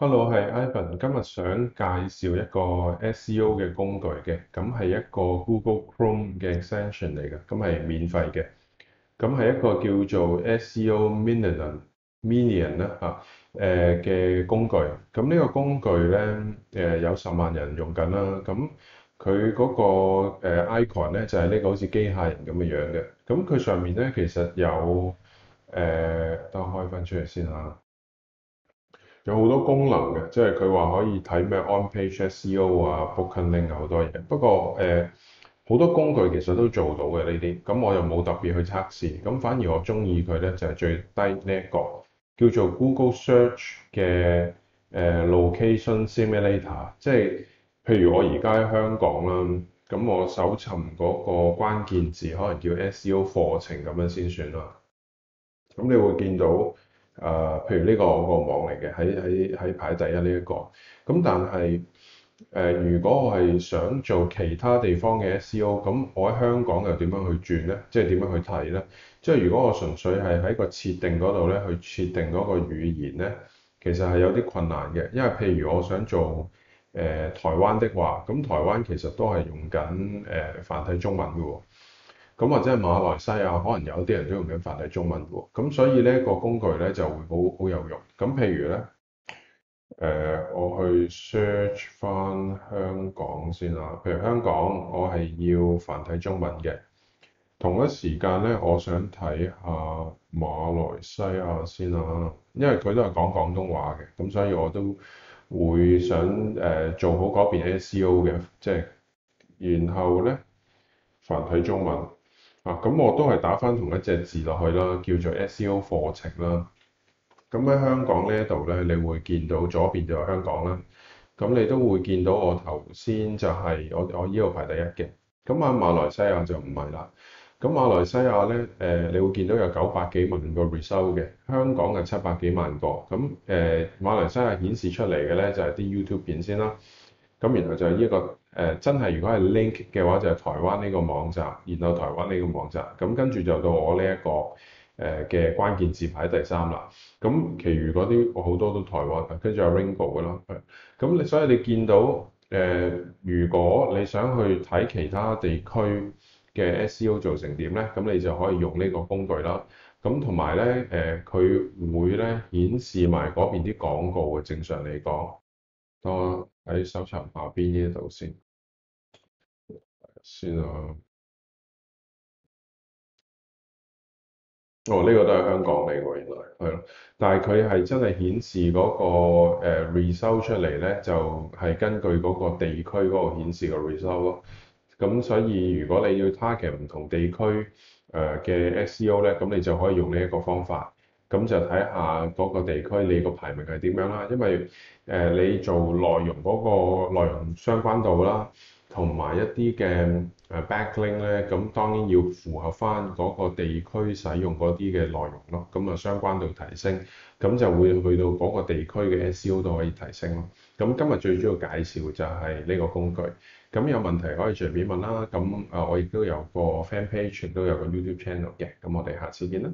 Hello，係 Ivan，今日想介紹一個 SEO 嘅工具嘅，咁係一個 Google Chrome 嘅 extension 嚟嘅，咁係免費嘅，咁係一個叫做 SEO Minion，Minion 啦嚇，誒嘅工具，咁、這、呢個工具咧，誒有十萬人用緊啦，咁佢嗰個 icon 咧就係呢個好似機械人咁嘅樣嘅，咁佢上面咧其實有，等、呃、我開翻出嚟先嚇。有好多功能嘅，即係佢話可以睇咩 on-page SEO 啊、booking link 好多嘢。不過誒，好多工具其實都做到嘅呢啲。咁我又冇特別去測試。咁反而我中意佢咧就係最低呢一個叫做 Google Search 嘅誒 location simulator，即係譬如我而家喺香港啦，咁我搜尋嗰個關鍵字可能叫 SEO 課程咁樣先算啦。咁你會見到。誒、呃，譬如呢、這個、那個網嚟嘅，喺喺喺排第一呢、這、一個。咁但係誒、呃，如果我係想做其他地方嘅 SEO，咁我喺香港又點樣去轉咧？即係點樣去睇咧？即、就、係、是、如果我純粹係喺個設定嗰度咧，去設定嗰個語言咧，其實係有啲困難嘅。因為譬如我想做誒、呃、台灣的話，咁台灣其實都係用緊誒、呃、繁體中文喎、哦。咁或者係馬來西亞，可能有啲人都用緊繁體中文喎，咁所以呢、呢個工具呢就會好好有用。咁譬如呢，誒、呃，我去 search 翻香港先啦。譬如香港，我係要繁體中文嘅。同一時間呢，我想睇下馬來西亞先啦，因為佢都係講廣東話嘅，咁所以我都會想誒、呃、做好嗰邊 SEO 嘅，即、就、係、是、然後呢，繁體中文。啊，咁我都係打返同一隻字落去啦，叫做 SEO 課程啦。咁喺香港呢一度咧，你會見到左邊就有香港啦。咁你都會見到我頭先就係、是、我我呢度排第一嘅。咁喺馬來西亞就唔係啦。咁馬來西亞咧，誒、呃，你會見到有九百幾萬個 results 嘅，香港係七百幾萬個。咁誒、呃，馬來西亞顯示出嚟嘅咧就係、是、啲 YouTube 片先啦。咁然後就係呢、這個誒、呃，真係如果係 link 嘅話，就係、是、台灣呢個網站，然後台灣呢個網站，咁跟住就到我呢、這、一個誒嘅、呃、關鍵字排第三啦。咁、嗯，其餘嗰啲我好多都台灣，跟住有 Ringgo 嘅咯。咁、嗯、你、嗯、所以你見到誒、呃，如果你想去睇其他地區嘅 SEO 做成點咧，咁、嗯、你就可以用呢個工具啦。咁同埋咧誒，佢、呃、會咧顯示埋嗰邊啲廣告嘅。正常嚟講，多、嗯。喺收藏下邊呢度先，先啊，哦呢、這個都係香港嚟喎，原來係咯，但係佢係真係顯示嗰個誒 result 出嚟咧，就係、是、根據嗰個地區嗰個顯示嘅 result 咯。咁所以如果你要 target 唔同地區誒嘅 SEO 咧，咁你就可以用呢一個方法。咁就睇下嗰個地區你個排名係點樣啦，因為誒、呃、你做內容嗰個內容相關度啦，同埋一啲嘅誒 backlink 咧，咁當然要符合翻嗰個地區使用嗰啲嘅內容咯，咁啊相關度提升，咁就會去到嗰個地區嘅 SEO 都可以提升咯。咁今日最主要介紹就係呢個工具，咁有問題可以隨便問啦。咁啊我亦都有個 fan page，都有個 YouTube channel 嘅，咁我哋下次見啦。